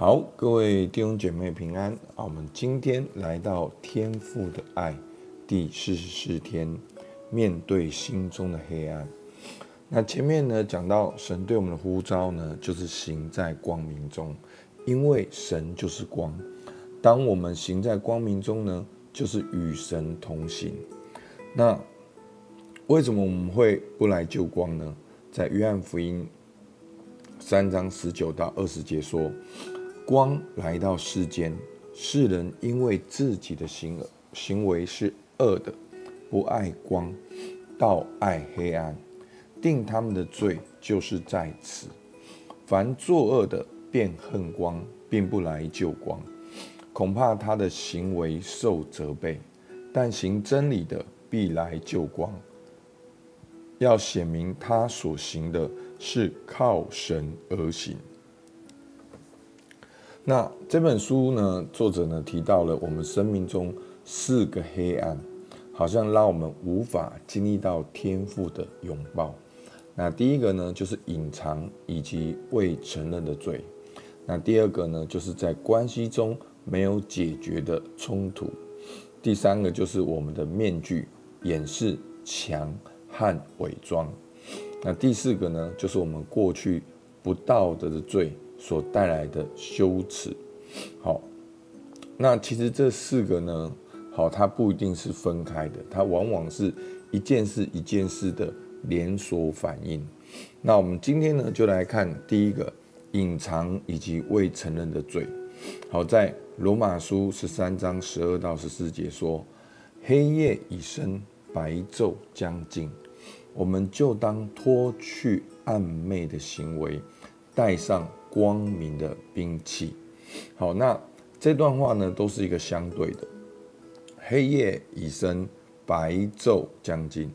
好，各位弟兄姐妹平安啊！我們今天來到《天父的愛》第四十四天，面對心中的黑暗。那前面呢，講到神對我們的呼召呢，就是行在光明中，因為神就是光。當我們行在光明中呢，就是與神同行。那為什麼我們會不來就光呢？在約翰福音三章十九到二十節說。光來到世間，世人因為自己的行行為是惡的，不愛光，倒愛黑暗，定他們的罪就是在此。凡作惡的便恨光，並不來就光，恐怕他的行為受責備；但行真理的必來就光。要顯明他所行的是靠神而行。那這本書呢，作者呢，提到了我們生命中四個黑暗，好像讓我們無法經歷到天父的擁抱。那第一個呢，就是隱藏以及未承認的罪；那第二個呢，就是在關係中沒有解決的衝突；第三個就是我們的面具、掩飾、牆和偽裝；那第四個呢，就是我們過去不道德的罪，所帶來的羞恥，好，那其實這四個呢，好，它不一定是分開的，它往往是一件事一件事的連鎖反應。那我們今天呢，就來看第一個隱藏以及未承認的罪。好，在羅馬書十三章十二到十四節說：“黑夜已深，白晝將近，我們就當脫去暗昧的行為，帶上。”光明的兵器，好，那這段話呢，都是一個相對的。黑夜已深，白晝將近，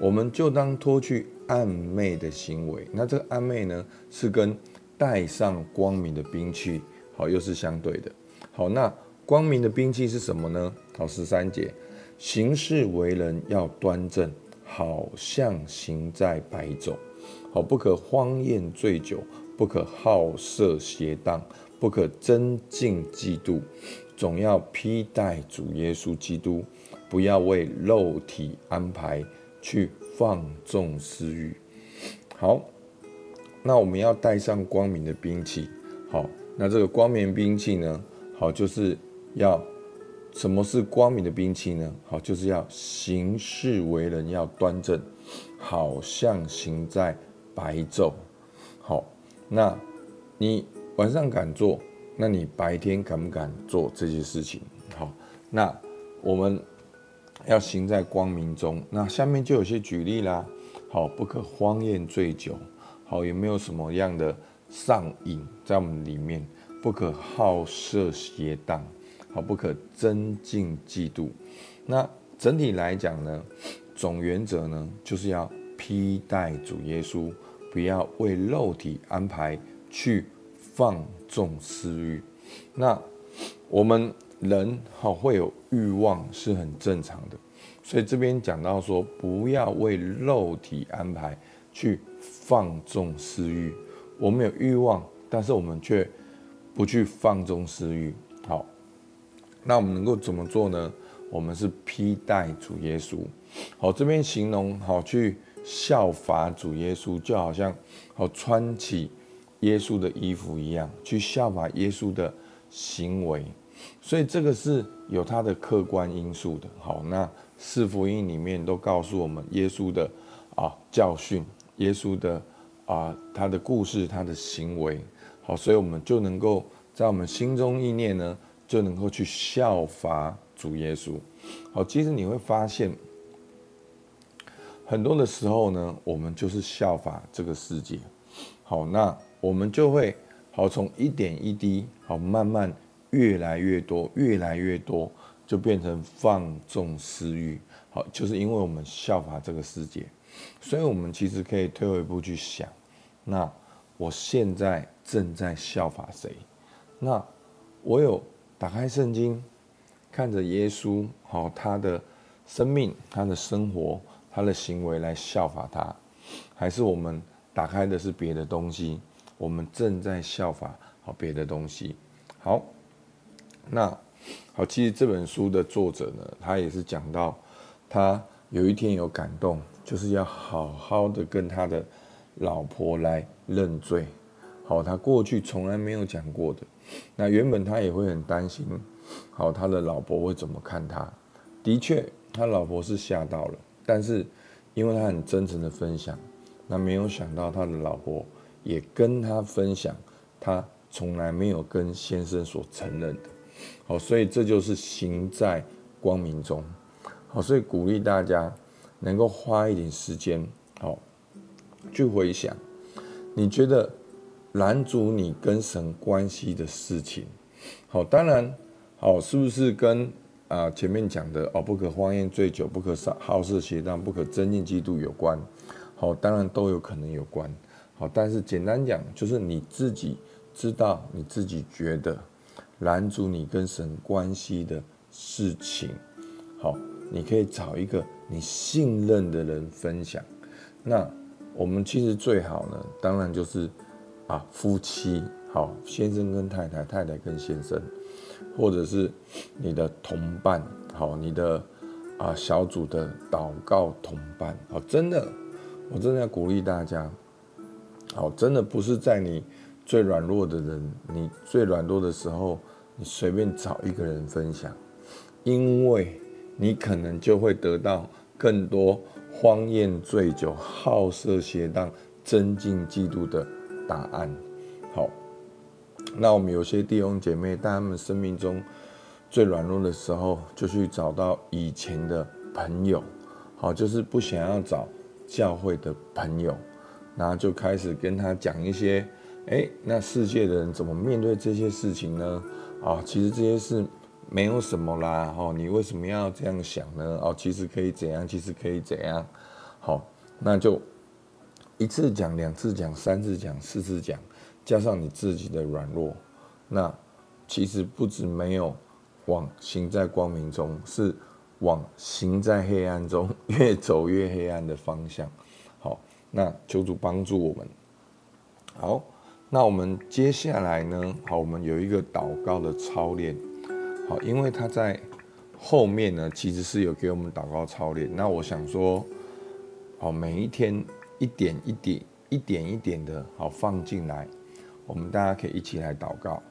我們就當脫去暗昧的行為。那這個暗昧呢，是跟帶上光明的兵器，好，又是相對的。好，那光明的兵器是什麼呢？好，十三節，行事為人要端正，好像行在白晝，好，不可荒宴醉酒。不可好色邪蕩，不可爭競嫉妒，總要披戴主耶穌基督，不要為肉體安排，去放縱私欲。好，那我們要帶上光明的兵器。好，那這個光明兵器呢？好，就是要什麼是光明的兵器呢？好，就是要行事為人要端正，好像行在白晝。那，你晚上敢做，那你白天敢不敢做這些事情？好，那我們要行在光明中。那下面就有些舉例啦。好，不可荒宴醉酒。好，有沒有什麼樣的上癮在我們裡面？不可好色邪蕩。好，不可爭競嫉妒。那整體來講呢，總原則呢，就是要披戴主耶穌。不要為肉體安排，去放縱私慾。那我們人好會有慾望是很正常的，所以這邊講到說，不要為肉體安排，去放縱私慾。我們有慾望，但是我們卻不去放縱私慾。好，那我們能夠怎麼做呢？我們是披戴主耶穌。好，這邊形容好去，效法主耶穌，就好像好穿起耶穌的衣服一樣，去效法耶穌的行為，所以這個是有它的客觀因素的。好，那四福音裡面都告訴我們耶穌的啊教訓，耶穌的啊他的故事，他的行為。好，所以我們就能夠在我們心中意念呢，就能夠去效法主耶穌。好，其實你會發現。很多的時候呢，我們就是效法這個世界。好，那我們就會好從一點一滴，好慢慢越來越多，越來越多，就變成放縱私欲。好，就是因為我們效法這個世界，所以我們其實可以退後一步去想：那我現在正在效法誰？那我有打開聖經，看着耶穌，好他的生命，他的生活。他的行為來效法他，還是我們打開的是別的東西？我們正在效法好別的東西。好，那好，其實這本書的作者呢，他也是講到，他有一天有感動，就是要好好的跟他的老婆來認罪。好，他過去從來沒有講過的。那原本他也會很擔心，好，他的老婆會怎麼看他？的確，他老婆是嚇到了。但是，因為他很真誠的分享，那沒有想到他的老婆也跟他分享他從來沒有跟先生所承認的，好，所以這就是行在光明中，好，所以鼓勵大家能夠花一點時間，好，去回想，你覺得攔阻你跟神關係的事情，好，當然，好，是不是跟？啊，前面講的哦，不可荒宴醉酒，不可好色邪蕩，不可爭競嫉妒有關，好，當然都有可能有關，好，但是簡單講，就是你自己知道你自己覺得攔阻你跟神關係的事情，好，你可以找一個你信任的人分享。那我們其實最好呢，當然就是啊，夫妻，好，先生跟太太，太太跟先生。或者是你的同伴，好，你的啊小組的禱告同伴，好，真的，我真的要鼓勵大家，好，真的不是在你最軟弱的人，你最軟弱的時候，你隨便找一個人分享，因為你可能就會得到更多荒宴醉酒、好色邪蕩、爭競嫉妒的答案，好。那我們有些弟兄姐妹，在他們生命中最軟弱的時候，就去找到以前的朋友，好，就是不想要找教會的朋友，然後就開始跟他講一些，哎，那世界的人怎麼面對這些事情呢？啊，其實這些事沒有什麼啦，哦，你為什麼要這樣想呢？哦，其實可以怎樣，其實可以怎樣，好，那就一次講，兩次講，三次講，四次講。加上你自己的軟弱，那其實不止沒有往行在光明中，是往行在黑暗中，越走越黑暗的方向。好，那求主幫助我們。好，那我們接下來呢？好，我們有一個禱告的操練。好，因為他在後面呢，其實是有給我們禱告操練。那我想說，好，每一天一點一點、一點一點的好放進來。我們大家可以一起來禱告。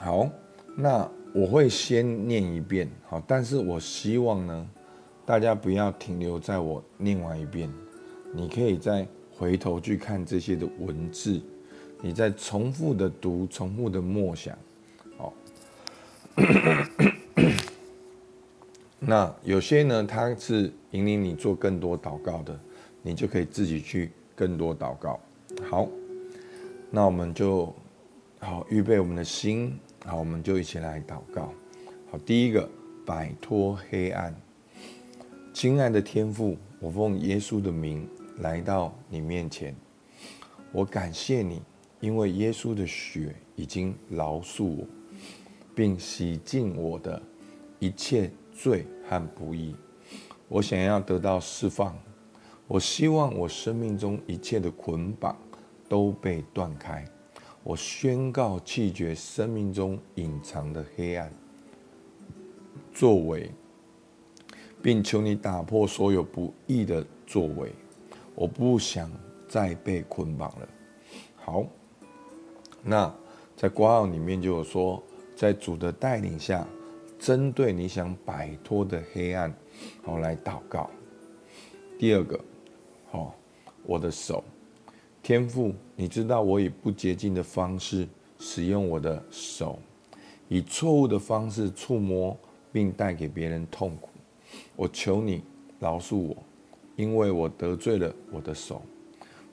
好，那我會先念一遍。好，但是我希望呢，大家不要停留在我念完一遍，你可以再回頭去看這些的文字，你再重複的讀，重複的默想。好，那有些呢，它是引領你做更多禱告的，你就可以自己去更多禱告。好，那我們就好預備我們的心，好，我們就一起來禱告。好，第一個，擺脫黑暗。親愛的天父，我奉耶穌的名來到你面前，我感謝你，因為耶穌的血已經饒恕我，並洗淨我的一切罪和不義。我想要得到釋放，我希望我生命中一切的捆綁。都被斷開，我宣告棄絕生命中隱藏的黑暗作為，並求你打破所有不義的作為。我不想再被捆綁了。好，那在括號裡面就有說，在主的帶領下，針對你想擺脫的黑暗，好來禱告。第二個，好、哦，我的手。天父，你知道我以不潔淨的方式使用我的手，以錯誤的方式觸摸，並帶給別人痛苦。我求你饒恕我，因為我得罪了我的手。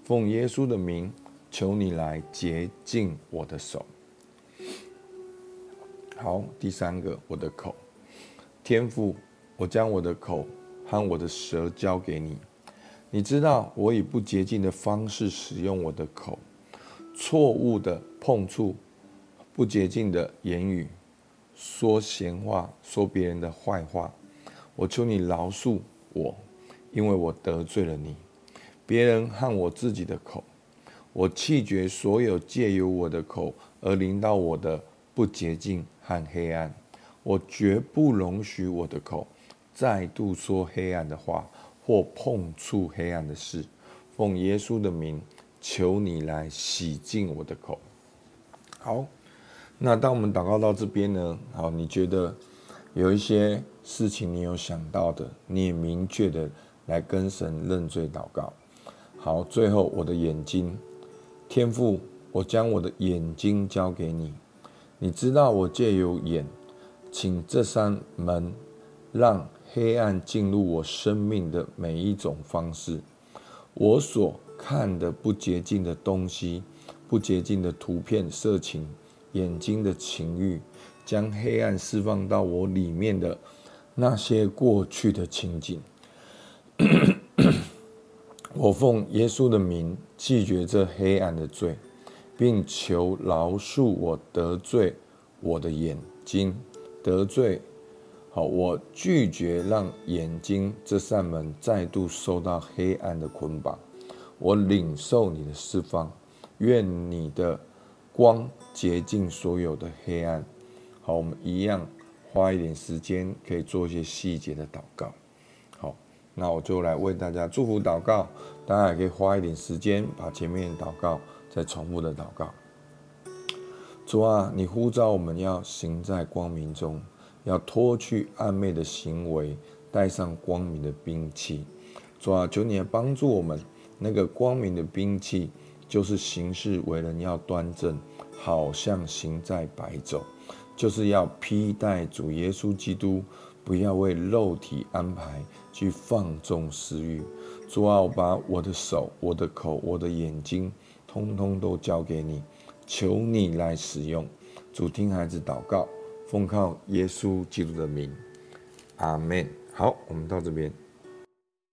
奉耶穌的名，求你來潔淨我的手。好，第三個，我的口。天父，我將我的口和我的舌交給你。你知道我以不潔淨的方式使用我的口，錯誤的碰觸，不潔淨的言語，說閒話，說別人的壞話。我求你饒恕我，因為我得罪了你，別人和我自己的口。我棄絕所有借由我的口而臨到我的不潔淨和黑暗。我絕不容許我的口再度說黑暗的話。或碰觸黑暗的事，奉耶穌的名，求你來洗淨我的口。好，那當我們禱告到這邊呢？好，你覺得有一些事情你有想到的，你也明確的來跟神認罪禱告。好，最後我的眼睛，天父，我將我的眼睛交給你，你知道我藉由眼，請這扇門讓。黑暗進入我生命的每一種方式，我所看的不潔淨的東西、不潔淨的圖片、色情、眼睛的情慾，將黑暗釋放到我裡面的那些過去的情景， 我奉耶穌的名，拒絕這黑暗的罪，並求饒恕我得罪我的眼睛，得罪。好，我拒絕讓眼睛這扇門再度受到黑暗的捆綁，我領受你的釋放，願你的光潔淨所有的黑暗。好，我們一樣花一點時間，可以做一些細節的禱告。好，那我就來為大家祝福禱告，大家也可以花一點時間把前面的禱告再重複的禱告。主啊，你呼召我們要行在光明中。要脫去暗昧的行為，帶上光明的兵器。主啊，求你來幫助我們。那個光明的兵器，就是行事為人要端正，好像行在白晝。就是要披戴主耶穌基督，不要為肉體安排，去放縱私慾。主啊，我把我的手、我的口、我的眼睛，通通都交給你，求你來使用。主聽孩子禱告。奉靠耶穌基督的名，阿門。好，我們到這邊。